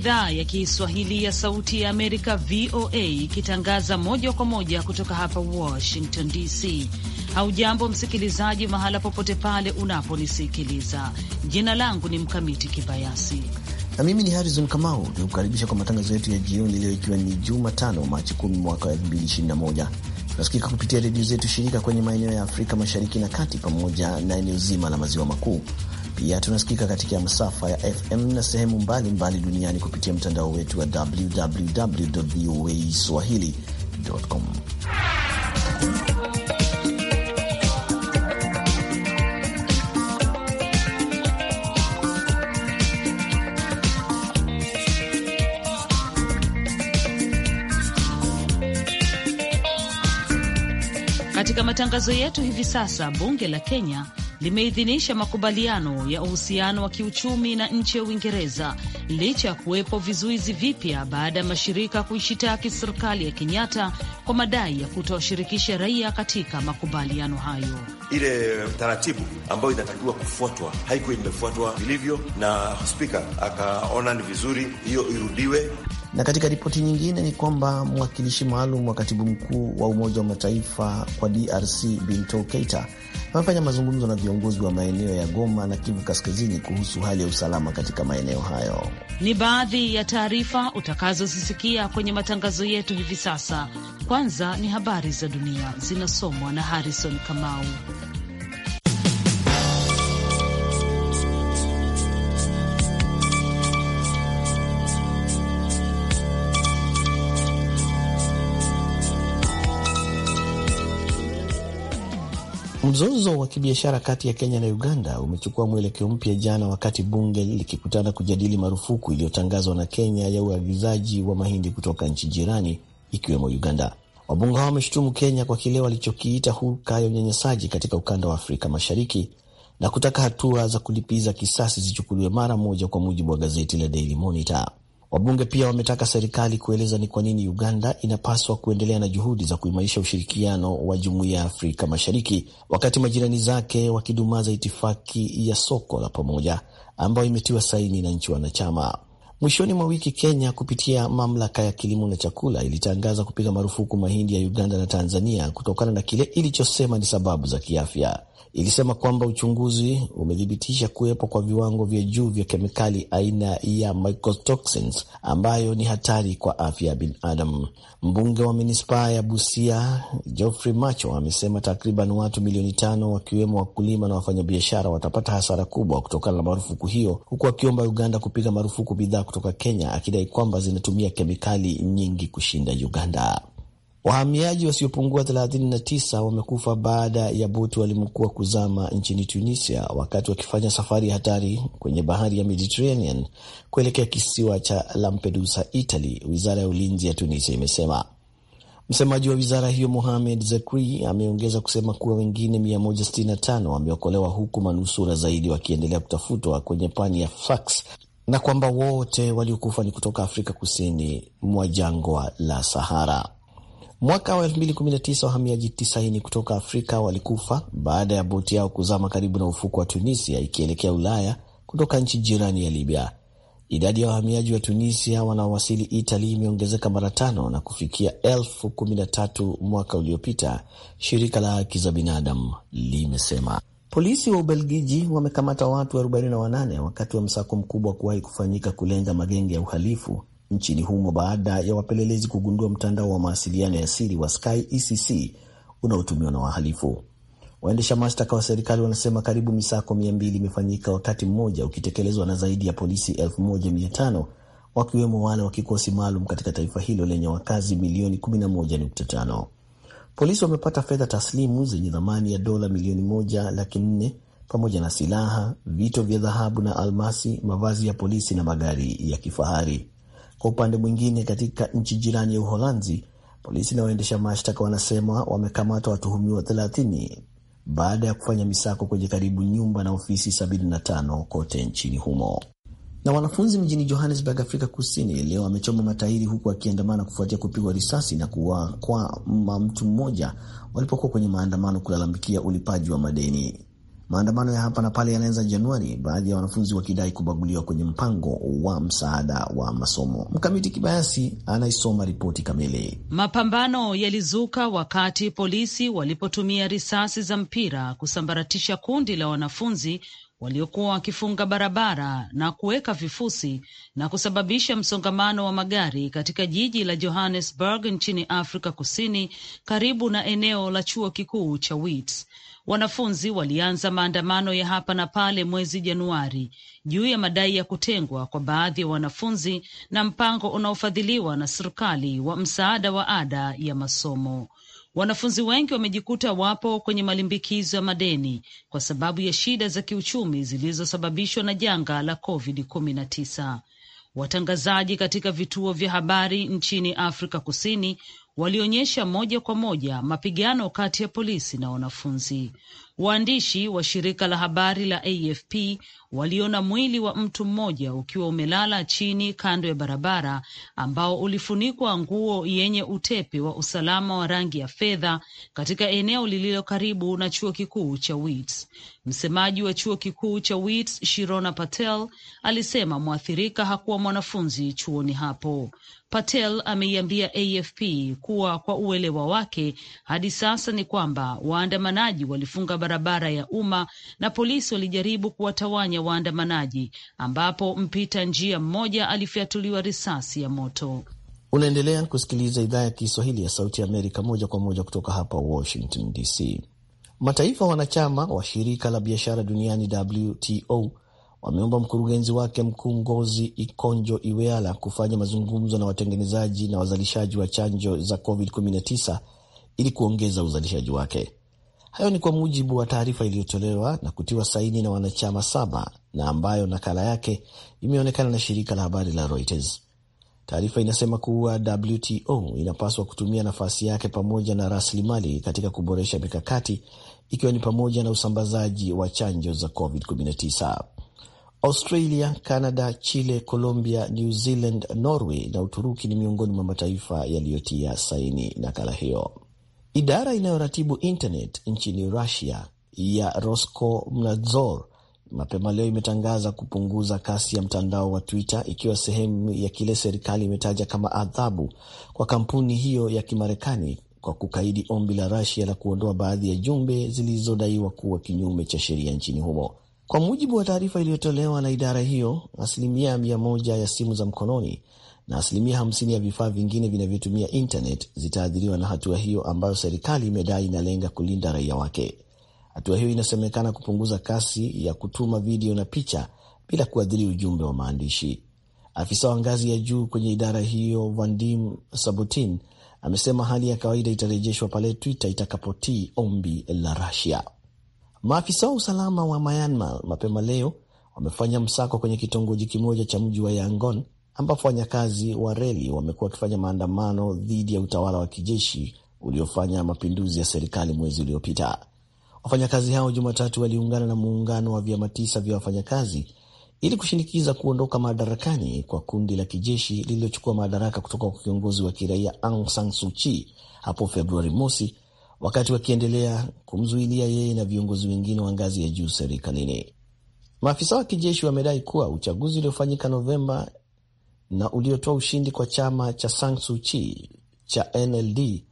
idhaa ya Kiswahili ya Sauti ya Amerika, VOA, ikitangaza moja kwa moja kutoka hapa Washington DC. Haujambo msikilizaji, mahala popote pale unaponisikiliza. Jina langu ni Mkamiti Kibayasi na mimi ni Harrison Kamau, nikukaribisha kwa matangazo yetu ya jioni leo, ikiwa ni Jumatano Machi 10 mwaka wa 2021. kupitia redio zetu shirika kwenye maeneo ya Afrika Mashariki na Kati pamoja na eneo zima la Maziwa Makuu pia tunasikika katika masafa ya FM na sehemu mbalimbali mbali duniani kupitia mtandao wetu wa www voa swahili.com. Katika matangazo yetu hivi sasa, bunge la Kenya limeidhinisha makubaliano ya uhusiano wa kiuchumi na nchi ya Uingereza licha ya kuwepo vizuizi vipya baada ya mashirika kuishitaki serikali ya Kenyatta kwa madai ya kutowashirikisha raia katika makubaliano hayo. Ile taratibu ambayo inatakiwa kufuatwa haikuwa imefuatwa vilivyo, na spika akaona ni vizuri hiyo irudiwe. Na katika ripoti nyingine ni kwamba mwakilishi maalum wa katibu mkuu wa Umoja wa Mataifa kwa DRC Bintou Keita amefanya mazungumzo na viongozi wa maeneo ya Goma na Kivu Kaskazini kuhusu hali ya usalama katika maeneo hayo. Ni baadhi ya taarifa utakazozisikia kwenye matangazo yetu hivi sasa. Kwanza ni habari za dunia zinasomwa na Harrison Kamau. Mzozo wa kibiashara kati ya Kenya na Uganda umechukua mwelekeo mpya jana, wakati bunge likikutana kujadili marufuku iliyotangazwa na Kenya ya uagizaji wa mahindi kutoka nchi jirani ikiwemo Uganda. Wabunge hao wameshutumu Kenya kwa kile walichokiita hulka ya unyanyasaji katika ukanda wa Afrika Mashariki na kutaka hatua za kulipiza kisasi zichukuliwe mara moja, kwa mujibu wa gazeti la Daily Monitor. Wabunge pia wametaka serikali kueleza ni kwa nini Uganda inapaswa kuendelea na juhudi za kuimarisha ushirikiano wa jumuiya ya Afrika Mashariki, wakati majirani zake wakidumaza itifaki ya soko la pamoja ambayo imetiwa saini na nchi wanachama. Mwishoni mwa wiki Kenya kupitia mamlaka ya kilimo na chakula ilitangaza kupiga marufuku mahindi ya Uganda na Tanzania kutokana na kile ilichosema ni sababu za kiafya. Ilisema kwamba uchunguzi umethibitisha kuwepo kwa viwango vya juu vya kemikali aina ya mycotoxins ambayo ni hatari kwa afya ya binadamu. Mbunge wa manispaa ya Busia Geoffrey Macho amesema takriban watu milioni tano wakiwemo wakulima na wafanyabiashara watapata hasara kubwa kutokana na marufuku hiyo, huku akiomba Uganda kupiga marufuku bidhaa kutoka Kenya akidai kwamba zinatumia kemikali nyingi kushinda Uganda. Wahamiaji wasiopungua 39 wamekufa baada ya boti walimkuwa kuzama nchini Tunisia wakati wakifanya safari hatari kwenye bahari ya Mediterranean kuelekea kisiwa cha Lampedusa, Italy, wizara ya ulinzi ya Tunisia imesema. Msemaji wa wizara hiyo Mohamed Zakri ameongeza kusema kuwa wengine 165 wameokolewa huku manusura zaidi wakiendelea kutafutwa kwenye pwani ya Sfax na kwamba wote waliokufa ni kutoka Afrika kusini mwa jangwa la Sahara. Mwaka wa 2019 wahamiaji 90 kutoka Afrika walikufa baada ya boti yao kuzama karibu na ufuko wa Tunisia ikielekea Ulaya kutoka nchi jirani ya Libya. Idadi ya wahamiaji wa Tunisia wanaowasili Itali imeongezeka mara tano na kufikia elfu kumi na tatu mwaka uliopita, shirika la haki za binadamu limesema. Polisi wa Ubelgiji wamekamata watu 48 wakati wa msako mkubwa kuwahi kufanyika kulenga magenge ya uhalifu nchini humo baada ya wapelelezi kugundua mtandao wa mawasiliano ya siri wa Sky ECC unaotumiwa na wahalifu. Waendesha mashtaka wa serikali wanasema karibu misako 200 imefanyika wakati mmoja ukitekelezwa na zaidi ya polisi 1500 wakiwemo wale wa kikosi maalum katika taifa hilo lenye wakazi milioni 11.5. Polisi wamepata fedha taslimu zenye thamani ya dola milioni moja laki nne pamoja na silaha, vito vya dhahabu na almasi, mavazi ya polisi na magari ya kifahari. Kwa upande mwingine, katika nchi jirani ya Uholanzi, polisi na waendesha mashtaka wanasema wamekamata watuhumiwa 30 baada ya kufanya misako kwenye karibu nyumba na ofisi 75 kote nchini humo. Na wanafunzi mjini Johannesburg, Afrika Kusini, leo wamechoma matairi huku wakiandamana kufuatia kupigwa risasi na kuwa kwa mtu mmoja walipokuwa kwenye maandamano kulalamikia ulipaji wa madeni. Maandamano ya hapa na pale yanaanza Januari, baadhi ya wanafunzi wakidai kubaguliwa kwenye mpango wa msaada wa masomo. Mkamiti Kibayasi anaisoma ripoti kamili. Mapambano yalizuka wakati polisi walipotumia risasi za mpira kusambaratisha kundi la wanafunzi waliokuwa wakifunga barabara na kuweka vifusi na kusababisha msongamano wa magari katika jiji la Johannesburg nchini Afrika Kusini, karibu na eneo la chuo kikuu cha Wits. Wanafunzi walianza maandamano ya hapa na pale mwezi Januari juu ya madai ya kutengwa kwa baadhi ya wanafunzi na mpango unaofadhiliwa na serikali wa msaada wa ada ya masomo. Wanafunzi wengi wamejikuta wapo kwenye malimbikizo ya madeni kwa sababu ya shida za kiuchumi zilizosababishwa na janga la COVID-19. Watangazaji katika vituo vya habari nchini Afrika Kusini walionyesha moja kwa moja mapigano kati ya polisi na wanafunzi. Waandishi wa shirika la habari la AFP waliona mwili wa mtu mmoja ukiwa umelala chini kando ya barabara ambao ulifunikwa nguo yenye utepe wa usalama wa rangi ya fedha katika eneo lililo karibu na chuo kikuu cha Wits. Msemaji wa chuo kikuu cha Wits Shirona Patel alisema mwathirika hakuwa mwanafunzi chuoni hapo. Patel ameiambia AFP kuwa kwa uelewa wake hadi sasa ni kwamba waandamanaji walifunga barabara ya umma na polisi walijaribu kuwatawanya waandamanaji, ambapo mpita njia mmoja alifyatuliwa risasi ya moto. Unaendelea kusikiliza idhaa ya Kiswahili ya Sauti ya Amerika moja kwa moja kutoka hapa Washington DC. Mataifa wanachama wa shirika la biashara duniani WTO wameomba mkurugenzi wake mkuu Ngozi Ikonjo Iweala kufanya mazungumzo na watengenezaji na wazalishaji wa chanjo za COVID-19 ili kuongeza uzalishaji wake. Hayo ni kwa mujibu wa taarifa iliyotolewa na kutiwa saini na wanachama saba na ambayo nakala yake imeonekana na shirika la habari la Reuters. Taarifa inasema kuwa WTO inapaswa kutumia nafasi yake pamoja na rasilimali katika kuboresha mikakati ikiwa ni pamoja na usambazaji wa chanjo za COVID-19. Australia, Canada, Chile, Colombia, New Zealand, Norway na Uturuki ni miongoni mwa mataifa yaliyotia saini nakala hiyo. Idara inayoratibu internet nchini Russia ya Roskomnadzor mapema leo imetangaza kupunguza kasi ya mtandao wa Twitter ikiwa sehemu ya kile serikali imetaja kama adhabu kwa kampuni hiyo ya Kimarekani kwa kukaidi ombi la rasia la kuondoa baadhi ya jumbe zilizodaiwa kuwa kinyume cha sheria nchini humo. Kwa mujibu wa taarifa iliyotolewa na idara hiyo, asilimia mia moja ya simu za mkononi na asilimia hamsini ya vifaa vingine vinavyotumia internet zitaathiriwa na hatua hiyo ambayo serikali imedai inalenga kulinda raia wake. Hatua hiyo inasemekana kupunguza kasi ya kutuma video na picha bila kuathiri ujumbe wa maandishi. Afisa wa ngazi ya juu kwenye idara hiyo Vandim Sabutin amesema hali ya kawaida itarejeshwa pale Twitter itakapotii ombi la rasia Maafisa wa usalama wa Myanmar mapema leo wamefanya msako kwenye kitongoji kimoja cha mji wa Yangon ambapo wafanyakazi wa reli wamekuwa wakifanya maandamano dhidi ya utawala wa kijeshi uliofanya mapinduzi ya serikali mwezi uliopita. Wafanyakazi hao Jumatatu waliungana na muungano wa vyama tisa vya wafanyakazi ili kushinikiza kuondoka madarakani kwa kundi la kijeshi lililochukua madaraka kutoka kwa kiongozi wa kiraia Aung San Suu Kyi hapo Februari mosi, wakati wakiendelea kumzuilia yeye na viongozi wengine wa ngazi ya juu serikalini. Maafisa wa kijeshi wamedai kuwa uchaguzi uliofanyika Novemba na uliotoa ushindi kwa chama cha San Suu Kyi cha NLD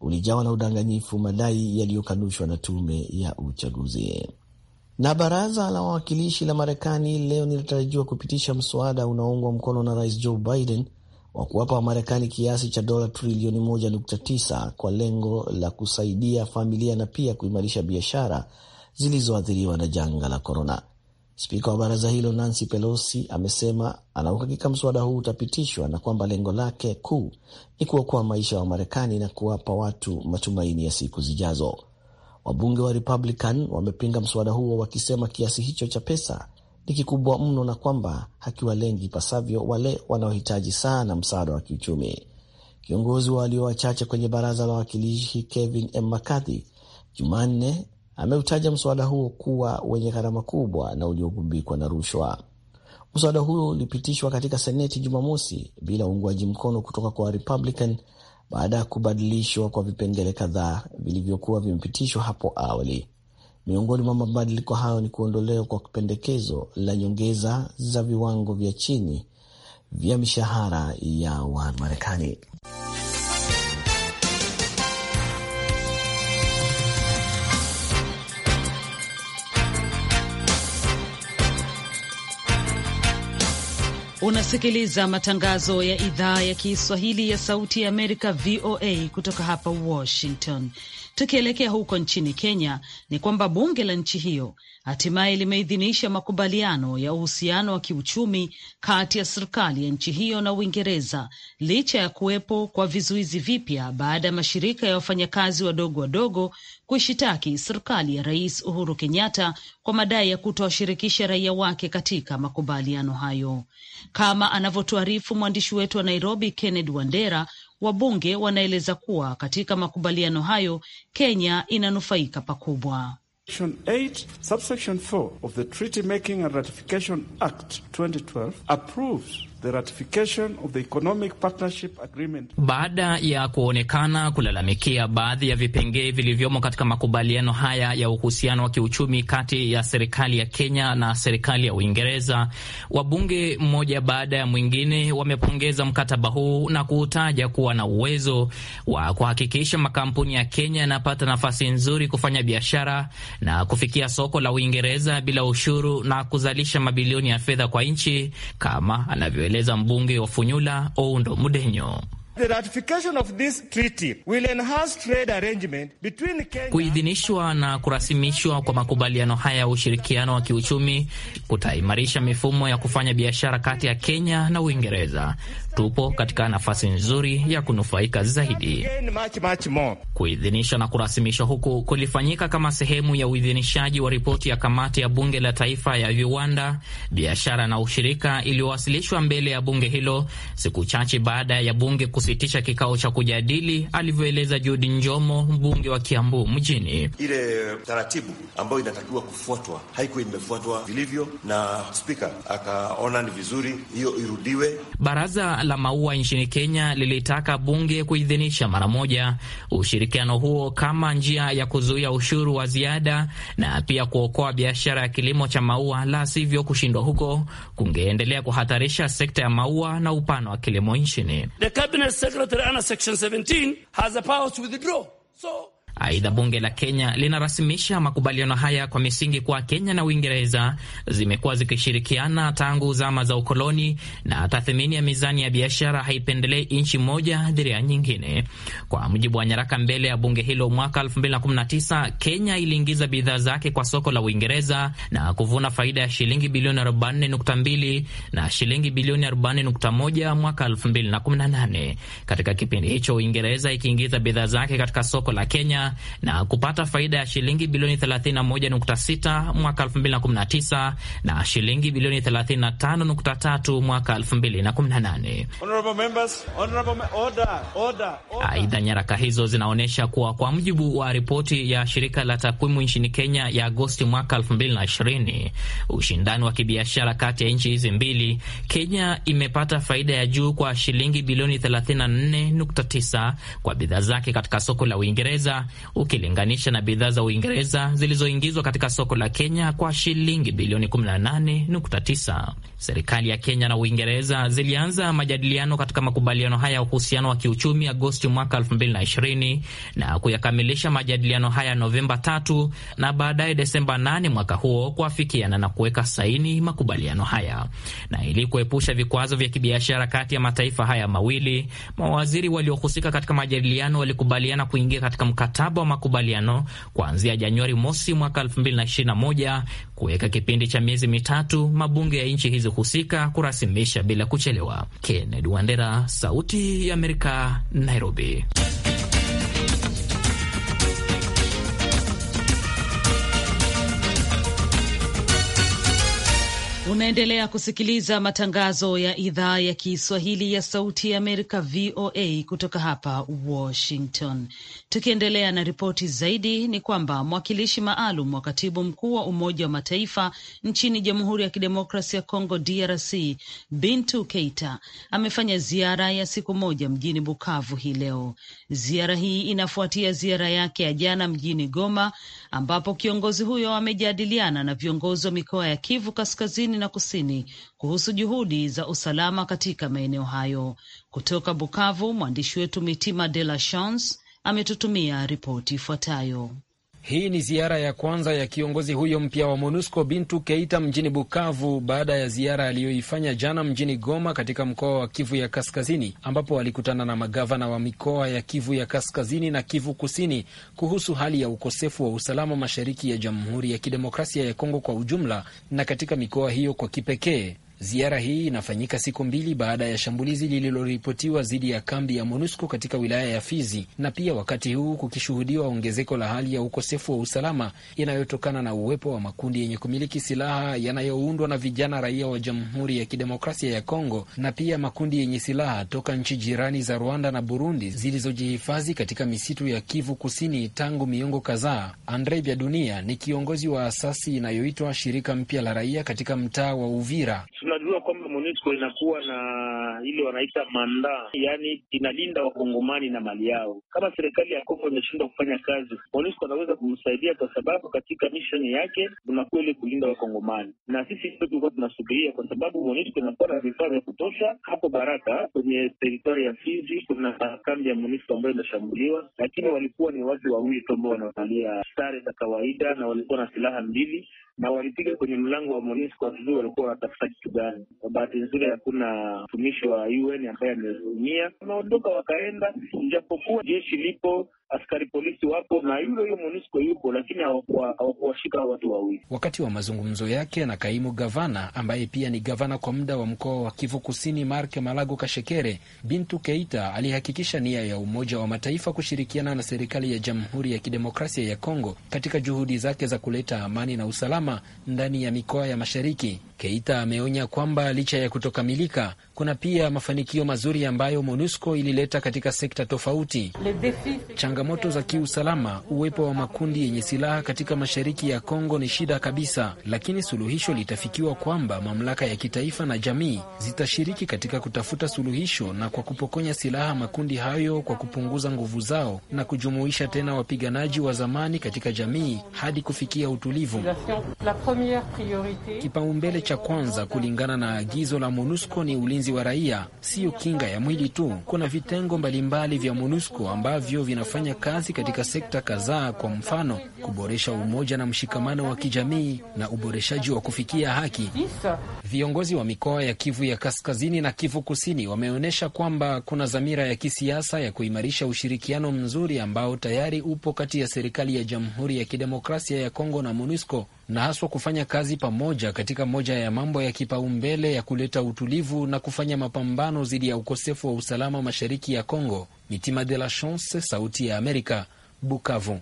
ulijawa na udanganyifu, madai yaliyokanushwa na tume ya uchaguzi. Na baraza la wawakilishi la Marekani leo linatarajiwa kupitisha mswada unaoungwa mkono na Rais Joe Biden wa kuwapa Wamarekani kiasi cha dola trilioni 1.9 kwa lengo la kusaidia familia na pia kuimarisha biashara zilizoathiriwa na janga la korona. Spika wa baraza hilo Nancy Pelosi amesema anauhakika mswada huu utapitishwa na kwamba lengo lake kuu ni kuokoa maisha ya Wamarekani na kuwapa watu matumaini ya siku zijazo. Wabunge wa Republican wamepinga mswada huo wakisema kiasi hicho cha pesa ni kikubwa mno na kwamba hakiwalengi ipasavyo wale wanaohitaji sana msaada wa kiuchumi. Kiongozi wa walio wachache kwenye baraza la wawakilishi Kevin M. McCarthy Jumanne ameutaja mswada huo kuwa wenye gharama kubwa na uliogubikwa na rushwa. Mswada huo ulipitishwa katika Seneti Jumamosi bila uungwaji mkono kutoka kwa Republican baada ya kubadilishwa kwa vipengele kadhaa vilivyokuwa vimepitishwa hapo awali. Miongoni mwa mabadiliko hayo ni kuondolewa kwa pendekezo la nyongeza za viwango vya chini vya mishahara ya Wamarekani. Unasikiliza matangazo ya idhaa ya Kiswahili ya Sauti ya Amerika, VOA, kutoka hapa Washington. Tukielekea huko nchini Kenya, ni kwamba bunge la nchi hiyo hatimaye limeidhinisha makubaliano ya uhusiano wa kiuchumi kati ya serikali ya nchi hiyo na Uingereza licha ya kuwepo kwa vizuizi vipya baada ya mashirika ya wafanyakazi wadogo wadogo kuishitaki serikali ya Rais Uhuru Kenyatta kwa madai ya kutowashirikisha raia wake katika makubaliano hayo, kama anavyotuarifu mwandishi wetu wa Nairobi kenned Wandera. Wabunge wanaeleza kuwa katika makubaliano hayo Kenya inanufaika pakubwa. Section 8, subsection 4 of the Treaty Making and Ratification Act 2012 approves the ratification of the economic partnership agreement. Baada ya kuonekana kulalamikia baadhi ya vipengee vilivyomo katika makubaliano haya ya uhusiano wa kiuchumi kati ya serikali ya Kenya na serikali ya Uingereza, wabunge mmoja baada ya mwingine wamepongeza mkataba huu na kuutaja kuwa na uwezo wa kuhakikisha makampuni ya Kenya yanapata nafasi nzuri kufanya biashara na kufikia soko la Uingereza bila ushuru na kuzalisha mabilioni ya fedha kwa nchi kama anavyoeleza anaeleza mbunge wa Funyula Oundo Mudenyo. Kuidhinishwa na kurasimishwa kwa makubaliano haya ya ushirikiano wa kiuchumi kutaimarisha mifumo ya kufanya biashara kati ya Kenya na Uingereza. Tupo katika nafasi nzuri ya kunufaika zaidi. Kuidhinishwa na kurasimishwa huku kulifanyika kama sehemu ya uidhinishaji wa ripoti ya kamati ya bunge la taifa ya viwanda, biashara na ushirika iliyowasilishwa mbele ya bunge hilo siku chache baada ya bunge kus kusitisha kikao cha kujadili, alivyoeleza judi Njomo, mbunge wa Kiambu mjini. Ile taratibu ambayo inatakiwa kufuatwa haikuwa imefuatwa vilivyo, na spika akaona ni vizuri hiyo irudiwe. Baraza la maua nchini Kenya lilitaka bunge kuidhinisha mara moja ushirikiano huo kama njia ya kuzuia ushuru wa ziada na pia kuokoa biashara ya kilimo cha maua, la sivyo kushindwa huko kungeendelea kuhatarisha sekta ya maua na upano wa kilimo nchini. The cabinet Secretary under Section 17 has the power to withdraw. So Aidha, bunge la Kenya linarasimisha makubaliano haya kwa misingi kuwa Kenya na Uingereza zimekuwa zikishirikiana tangu zama za ukoloni na tathmini ya mizani ya biashara haipendelei nchi moja dhidi ya nyingine. Kwa mujibu wa nyaraka mbele ya bunge hilo, mwaka 2019 Kenya iliingiza bidhaa zake kwa soko la Uingereza na kuvuna faida ya shilingi bilioni 42 na shilingi bilioni 41 mwaka 2018. Katika kipindi hicho Uingereza ikiingiza bidhaa zake katika soko la Kenya na kupata faida ya shilingi bilioni 31.6 mwaka 2019 na shilingi bilioni 35.3 mwaka 2018. Aidha, nyaraka hizo zinaonyesha kuwa kwa mujibu wa ripoti ya shirika la takwimu nchini Kenya ya Agosti mwaka 2020, ushindani wa kibiashara kati ya nchi hizi mbili, Kenya imepata faida ya juu kwa shilingi bilioni 34.9 kwa bidhaa zake katika soko la Uingereza ukilinganisha na bidhaa za Uingereza zilizoingizwa katika soko la Kenya kwa shilingi bilioni 18.9. Serikali ya Kenya na Uingereza zilianza majadiliano katika makubaliano haya ya uhusiano wa kiuchumi Agosti mwaka 2020 na kuyakamilisha majadiliano haya Novemba 3 na baadaye Desemba 8 mwaka huo kuafikiana na kuweka saini makubaliano haya. Na ili kuepusha vikwazo vya kibiashara kati ya mataifa haya mawili, mawaziri waliohusika katika majadiliano walikubaliana kuingia katika mkataba mkataba wa makubaliano kuanzia Januari mosi mwaka 2021 kuweka kipindi cha miezi mitatu mabunge ya nchi hizi husika kurasimisha bila kuchelewa. Kennedy Wandera, Sauti ya Amerika, Nairobi. Unaendelea kusikiliza matangazo ya idhaa ya Kiswahili ya Sauti ya Amerika, VOA, kutoka hapa Washington. Tukiendelea na ripoti zaidi, ni kwamba mwakilishi maalum wa katibu mkuu wa Umoja wa Mataifa nchini Jamhuri ya Kidemokrasi ya congo DRC, Bintu Keita amefanya ziara ya siku moja mjini Bukavu hii leo. Ziara hii inafuatia ziara yake ya jana mjini Goma, ambapo kiongozi huyo amejadiliana na viongozi wa mikoa ya Kivu Kaskazini kaskazini na kusini kuhusu juhudi za usalama katika maeneo hayo. Kutoka Bukavu, mwandishi wetu Mitima De La Chance ametutumia ripoti ifuatayo. Hii ni ziara ya kwanza ya kiongozi huyo mpya wa MONUSCO Bintu Keita mjini Bukavu baada ya ziara aliyoifanya jana mjini Goma katika mkoa wa Kivu ya Kaskazini, ambapo alikutana na magavana wa mikoa ya Kivu ya Kaskazini na Kivu Kusini kuhusu hali ya ukosefu wa usalama mashariki ya Jamhuri ya Kidemokrasia ya Kongo kwa ujumla na katika mikoa hiyo kwa kipekee. Ziara hii inafanyika siku mbili baada ya shambulizi lililoripotiwa dhidi ya kambi ya MONUSCO katika wilaya ya Fizi, na pia wakati huu kukishuhudiwa ongezeko la hali ya ukosefu wa usalama inayotokana na uwepo wa makundi yenye kumiliki silaha yanayoundwa na vijana raia wa Jamhuri ya Kidemokrasia ya Kongo na pia makundi yenye silaha toka nchi jirani za Rwanda na Burundi zilizojihifadhi katika misitu ya Kivu Kusini tangu miongo kadhaa. Andre Vya Dunia ni kiongozi wa asasi inayoitwa Shirika Mpya la Raia katika mtaa wa Uvira tunajua kwamba MONUSCO inakuwa na ile wanaita manda yaani inalinda wakongomani na mali yao. Kama serikali ya Kongo imeshindwa kufanya kazi, MONUSCO anaweza kumsaidia, kwa sababu katika misheni yake unakuwa ile kulinda wakongomani, na sisi tulikuwa tunasubiria, kwa sababu MONUSCO inakuwa na vifaa vya kutosha. Hapo Baraka kwenye teritori ya Fizi kuna kambi ya MONUSCO ambayo imeshambuliwa, lakini walikuwa ni watu wawili tu ambao wanavalia sare za kawaida na walikuwa na silaha mbili na walipiga kwenye mlango wa MONUSCO, wakijua walikuwa wanatafuta kitu Sudani. Kwa bahati nzuri, hakuna mtumishi wa UN ambaye ameumia, wameondoka wakaenda, ijapokuwa jeshi lipo askari polisi wapo na yule huyo MONUSCO yupo, lakini hawakuwashika watu wawili. Wakati wa mazungumzo yake na kaimu gavana ambaye pia ni gavana kwa muda wa mkoa wa Kivu Kusini, Mark Malago Kashekere, Bintu Keita alihakikisha nia ya Umoja wa Mataifa kushirikiana na serikali ya Jamhuri ya Kidemokrasia ya Kongo katika juhudi zake za kuleta amani na usalama ndani ya mikoa ya mashariki. Keita ameonya kwamba licha ya kutokamilika, kuna pia mafanikio mazuri ambayo MONUSCO ilileta katika sekta tofauti changamoto za kiusalama, uwepo wa makundi yenye silaha katika mashariki ya Kongo ni shida kabisa, lakini suluhisho litafikiwa kwamba mamlaka ya kitaifa na jamii zitashiriki katika kutafuta suluhisho na kwa kupokonya silaha makundi hayo kwa kupunguza nguvu zao na kujumuisha tena wapiganaji wa zamani katika jamii hadi kufikia utulivu. Kipaumbele cha kwanza kulingana na agizo la MONUSCO ni ulinzi wa raia, siyo kinga ya mwili tu. Kuna vitengo mbalimbali mbali vya MONUSCO ambavyo vinafanya kufanya kazi katika sekta kadhaa, kwa mfano kuboresha umoja na mshikamano wa kijamii na uboreshaji wa kufikia haki. Viongozi wa mikoa ya Kivu ya Kaskazini na Kivu Kusini wameonyesha kwamba kuna dhamira ya kisiasa ya kuimarisha ushirikiano mzuri ambao tayari upo kati ya serikali ya Jamhuri ya Kidemokrasia ya Kongo na MONUSCO na haswa kufanya kazi pamoja katika moja ya mambo ya kipaumbele ya kuleta utulivu na kufanya mapambano dhidi ya ukosefu wa usalama mashariki ya Kongo. Mitima de la Chance, Sauti ya Amerika, Bukavu.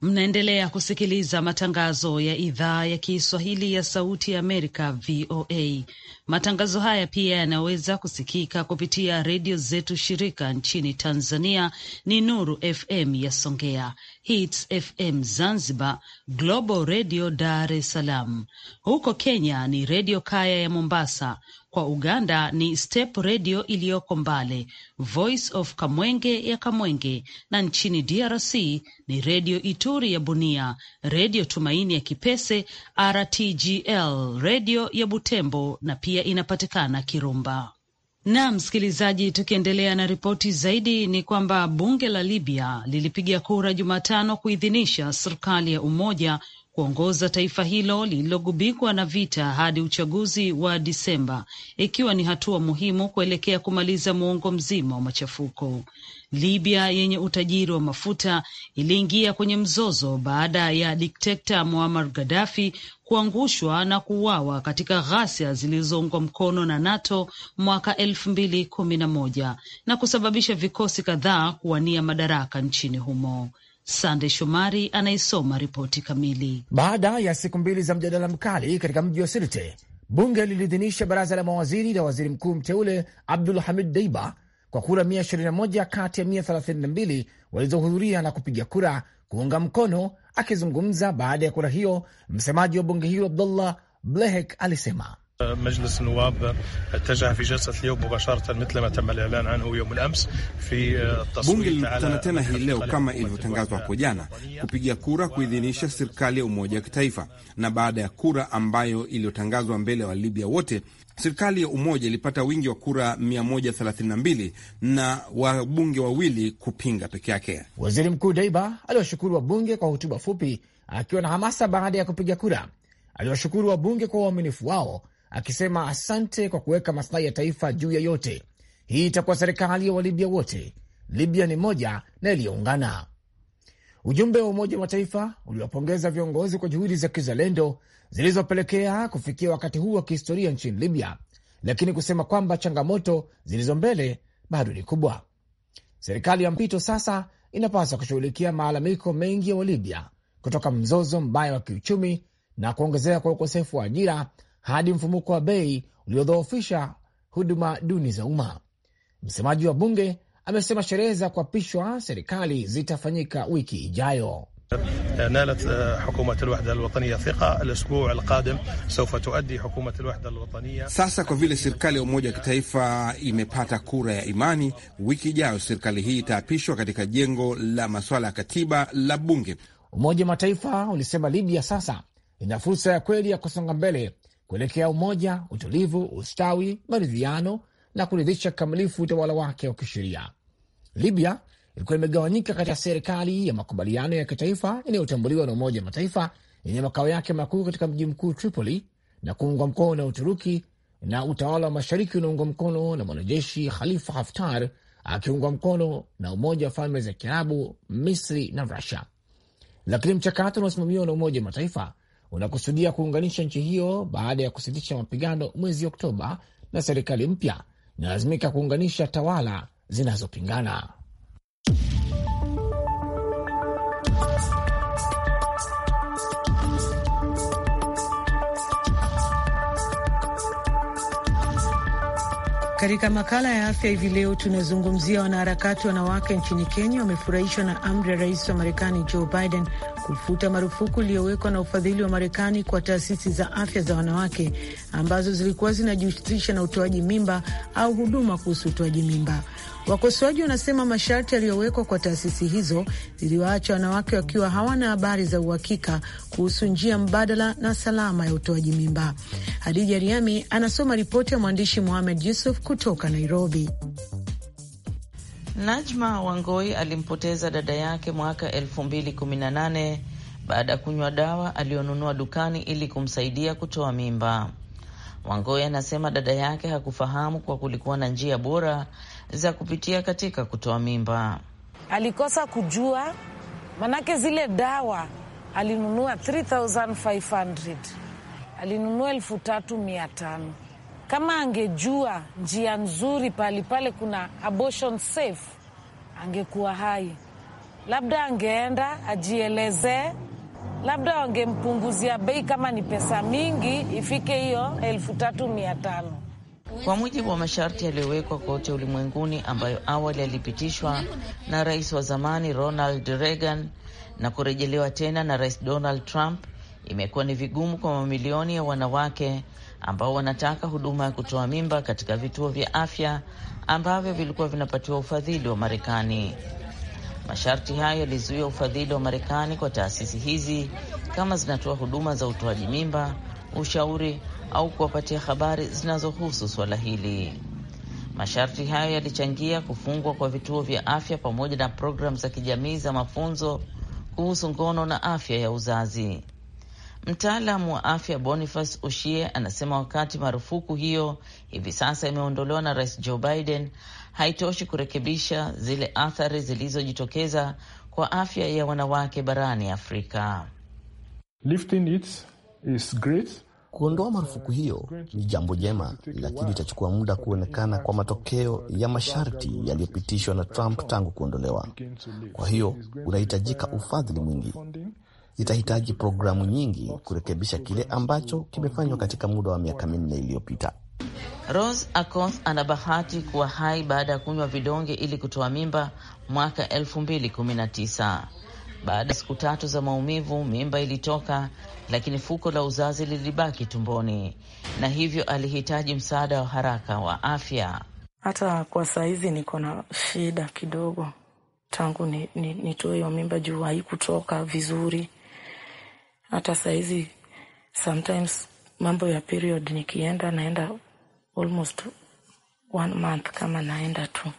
Mnaendelea kusikiliza matangazo ya idhaa ya Kiswahili ya Sauti ya Amerika, VOA. Matangazo haya pia yanaweza kusikika kupitia redio zetu shirika nchini Tanzania ni Nuru FM ya Songea, Hits FM Zanzibar, Global Radio Dar es Salaam. Huko Kenya ni Redio Kaya ya Mombasa. Kwa Uganda ni Step Redio iliyoko Mbale, Voice of Kamwenge ya Kamwenge, na nchini DRC ni Redio Ituri ya Bunia, Redio Tumaini ya Kipese, RTGL Redio ya Butembo na pia inapatikana Kirumba. Na msikilizaji, tukiendelea na ripoti zaidi ni kwamba bunge la Libya lilipiga kura Jumatano kuidhinisha serikali ya umoja kuongoza taifa hilo lililogubikwa na vita hadi uchaguzi wa Disemba, ikiwa ni hatua muhimu kuelekea kumaliza muongo mzima wa machafuko. Libya yenye utajiri wa mafuta iliingia kwenye mzozo baada ya dikteta Muammar Gaddafi kuangushwa na kuuawa katika ghasia zilizoungwa mkono na NATO mwaka elfu mbili kumi na moja na kusababisha vikosi kadhaa kuwania madaraka nchini humo. Sande Shomari anaisoma ripoti kamili. Baada ya siku mbili za mjadala mkali katika mji wa Sirte, bunge liliidhinisha baraza la mawaziri la waziri mkuu mteule Abdul Hamid Deiba kwa kura 121 kati ya 132 walizohudhuria na kupiga kura kuunga mkono. Akizungumza baada ya kura hiyo, msemaji wa bunge hilo Abdullah Blehek alisema مجلس Bunge lilikutana tena hii leo kama ilivyotangazwa hapo jana kupiga kura kuidhinisha serikali ya umoja wa kitaifa, na baada ya kura ambayo iliyotangazwa mbele ya Walibya wote Serikali ya umoja ilipata wingi wa kura 132 na wabunge wawili kupinga peke yake. Waziri Mkuu Daiba aliwashukuru wabunge kwa hotuba fupi akiwa na hamasa baada ya kupiga kura. Aliwashukuru wabunge kwa uaminifu wao akisema asante kwa kuweka maslahi ya taifa juu ya yote. Hii itakuwa serikali ya Walibya wote. Libya ni moja na iliyoungana. Ujumbe wa Umoja wa Mataifa uliwapongeza viongozi kwa juhudi za kizalendo zilizopelekea kufikia wakati huu wa kihistoria nchini Libya, lakini kusema kwamba changamoto zilizo mbele bado ni kubwa. Serikali ya mpito sasa inapaswa kushughulikia malalamiko mengi ya Walibya kutoka mzozo mbaya wa kiuchumi na kuongezeka kwa ukosefu wa ajira hadi mfumuko wa bei uliodhoofisha huduma duni za umma. Msemaji wa bunge amesema sherehe za kuapishwa serikali zitafanyika wiki ijayo. Sasa kwa vile serikali ya umoja wa kitaifa imepata kura ya imani, wiki ijayo serikali hii itaapishwa katika jengo la masuala ya katiba la bunge. Umoja wa Mataifa ulisema Libya sasa ina fursa ya kweli ya kusonga mbele kuelekea umoja, utulivu, ustawi, maridhiano na kuridhisha kikamilifu utawala wake wa kisheria. Libya ilikuwa imegawanyika kati ya serikali ya makubaliano ya kitaifa inayotambuliwa na Umoja wa Mataifa yenye makao yake makuu katika mji mkuu Tripoli na kuungwa mkono na Uturuki na utawala wa mashariki unaungwa mkono na mwanajeshi Khalifa Haftar akiungwa mkono na Umoja wa Falme za Kiarabu, Misri na Rusia. Lakini mchakato unaosimamiwa na Umoja wa Mataifa unakusudia kuunganisha nchi hiyo baada ya kusitisha mapigano mwezi Oktoba, na serikali mpya inalazimika kuunganisha tawala zinazopingana. Katika makala ya afya hivi leo tunazungumzia wanaharakati wanawake nchini Kenya wamefurahishwa na amri ya rais wa Marekani Joe Biden kufuta marufuku iliyowekwa na ufadhili wa Marekani kwa taasisi za afya za wanawake ambazo zilikuwa zinajihusisha na utoaji mimba au huduma kuhusu utoaji mimba. Wakosoaji wanasema masharti yaliyowekwa kwa taasisi hizo ziliwaacha wanawake wakiwa hawana habari za uhakika kuhusu njia mbadala na salama ya utoaji mimba. Hadija Riami anasoma ripoti ya mwandishi muhamed Yusuf kutoka Nairobi. Najma Wangoi alimpoteza dada yake mwaka 2018 baada ya kunywa dawa aliyonunua dukani ili kumsaidia kutoa mimba. Wangoi anasema dada yake hakufahamu kwa kulikuwa na njia bora za kupitia katika kutoa mimba. Alikosa kujua, manake zile dawa alinunua 3500 alinunua elfu tatu mia tano. Kama angejua njia nzuri pahali pale kuna abortion safe, angekuwa hai, labda angeenda ajielezee, labda wangempunguzia bei. Kama ni pesa mingi, ifike hiyo elfu tatu mia tano kwa mujibu wa masharti yaliyowekwa kote ulimwenguni ambayo awali yalipitishwa na rais wa zamani Ronald Reagan na kurejelewa tena na rais Donald Trump. Imekuwa ni vigumu kwa mamilioni ya wanawake ambao wanataka huduma ya kutoa mimba katika vituo vya afya ambavyo vilikuwa vinapatiwa ufadhili wa Marekani. Masharti hayo yalizuia ufadhili wa Marekani kwa taasisi hizi kama zinatoa huduma za utoaji mimba, ushauri au kuwapatia habari zinazohusu suala hili. Masharti hayo yalichangia kufungwa kwa vituo vya afya pamoja na programu za kijamii za mafunzo kuhusu ngono na afya ya uzazi. Mtaalamu wa afya Boniface Ushie anasema wakati marufuku hiyo hivi sasa imeondolewa na Rais Joe Biden, haitoshi kurekebisha zile athari zilizojitokeza kwa afya ya wanawake barani Afrika. Lifting it is great. Kuondoa marufuku hiyo ni jambo jema, lakini itachukua muda kuonekana kwa matokeo ya masharti yaliyopitishwa na Trump tangu kuondolewa. Kwa hiyo unahitajika ufadhili mwingi, itahitaji programu nyingi kurekebisha kile ambacho kimefanywa katika muda wa miaka minne iliyopita. Rose Akoth ana bahati kuwa hai baada ya kunywa vidonge ili kutoa mimba mwaka 2019. Baada ya siku tatu za maumivu, mimba ilitoka, lakini fuko la uzazi lilibaki tumboni, na hivyo alihitaji msaada wa haraka wa afya. Hata kwa sahizi niko na shida kidogo tangu nitoe ni, hiyo mimba juu haikutoka vizuri. Hata sahizi sometimes mambo ya period nikienda, naenda almost one month kama naenda tu,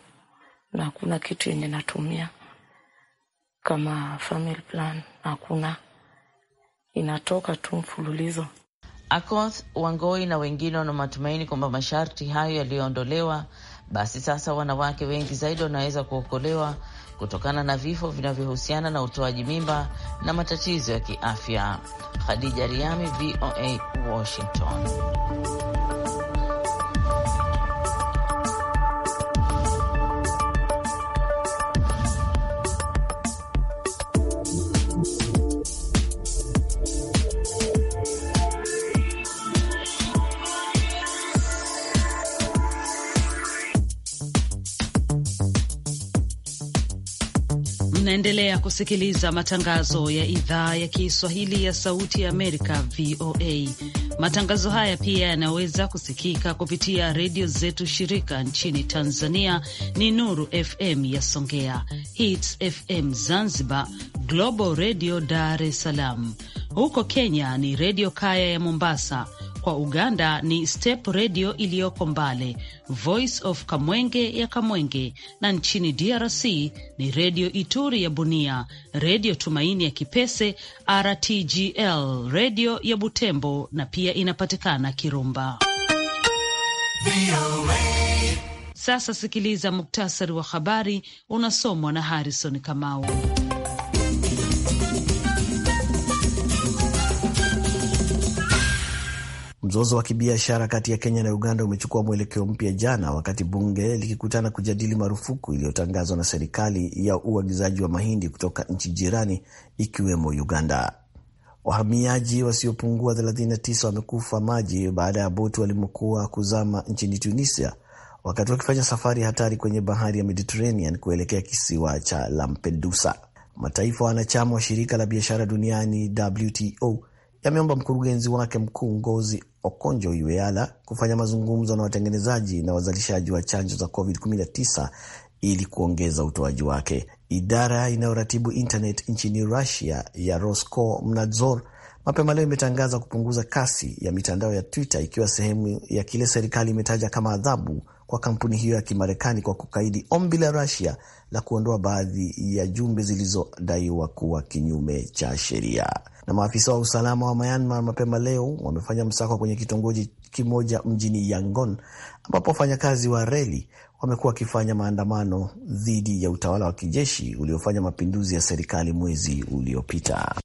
na kuna kitu yenye natumia kama family plan hakuna, inatoka tu mfululizo. Akoth Wangoi na wengine wana matumaini kwamba masharti hayo yaliyoondolewa, basi sasa wanawake wengi zaidi wanaweza kuokolewa kutokana na vifo vinavyohusiana na utoaji mimba na matatizo ya kiafya. Khadija Riami, VOA, Washington. Unaendelea kusikiliza matangazo ya idhaa ya Kiswahili ya Sauti ya Amerika, VOA. Matangazo haya pia yanaweza kusikika kupitia redio zetu shirika nchini Tanzania ni Nuru FM ya Songea, Hits FM Zanzibar, Global Radio Dar es Salaam. Huko Kenya ni Redio Kaya ya Mombasa, kwa Uganda ni Step redio iliyoko Mbale, Voice of Kamwenge ya Kamwenge, na nchini DRC ni Redio Ituri ya Bunia, Redio Tumaini ya Kipese, RTGL Redio ya Butembo na pia inapatikana Kirumba. Sasa sikiliza muktasari wa habari unasomwa na Harrison Kamau. Mzozo wa kibiashara kati ya Kenya na Uganda umechukua mwelekeo mpya jana, wakati bunge likikutana kujadili marufuku iliyotangazwa na serikali ya uagizaji wa mahindi kutoka nchi jirani ikiwemo Uganda. Wahamiaji wasiopungua 39 wamekufa maji baada ya boti walimokuwa kuzama nchini Tunisia wakati wakifanya safari hatari kwenye bahari ya Mediterranean kuelekea kisiwa cha Lampedusa. Mataifa wanachama wa shirika la biashara duniani WTO yameomba mkurugenzi wake mkuu Ngozi Okonjo-Iweala kufanya mazungumzo na watengenezaji na wazalishaji wa chanjo za COVID-19 ili kuongeza utoaji wake. Idara inayoratibu internet nchini Russia ya Roskomnadzor mapema leo imetangaza kupunguza kasi ya mitandao ya Twitter ikiwa sehemu ya kile serikali imetaja kama adhabu kwa kampuni hiyo ya Kimarekani kwa kukaidi ombi la rasia la kuondoa baadhi ya jumbe zilizodaiwa kuwa kinyume cha sheria. Na maafisa wa usalama wa Myanmar mapema leo wamefanya msako kwenye kitongoji kimoja mjini Yangon ambapo wafanyakazi wa reli wamekuwa wakifanya maandamano dhidi ya utawala wa kijeshi uliofanya mapinduzi ya serikali mwezi uliopita.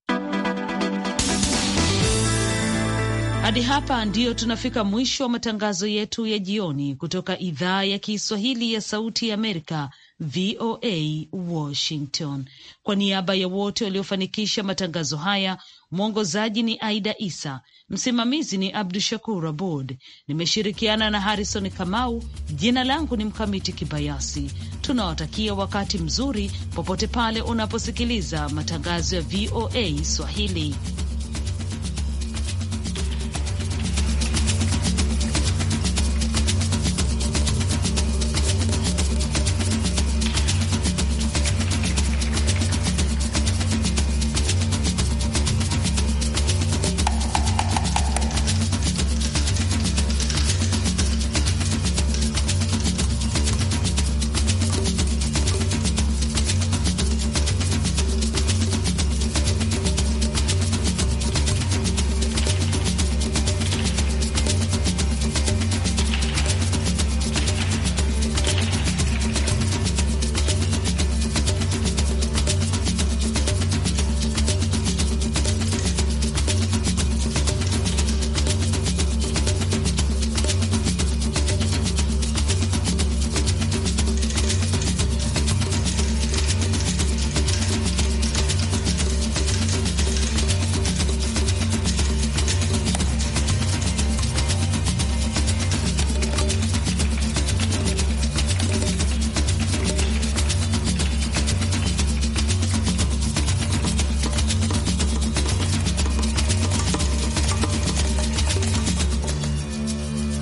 Hadi hapa ndiyo tunafika mwisho wa matangazo yetu ya jioni kutoka idhaa ya Kiswahili ya Sauti ya Amerika, VOA Washington. Kwa niaba ya wote waliofanikisha matangazo haya, mwongozaji ni Aida Isa, msimamizi ni Abdu Shakur Abud, nimeshirikiana na Harrison Kamau. Jina langu ni Mkamiti Kibayasi. Tunawatakia wakati mzuri popote pale unaposikiliza matangazo ya VOA Swahili.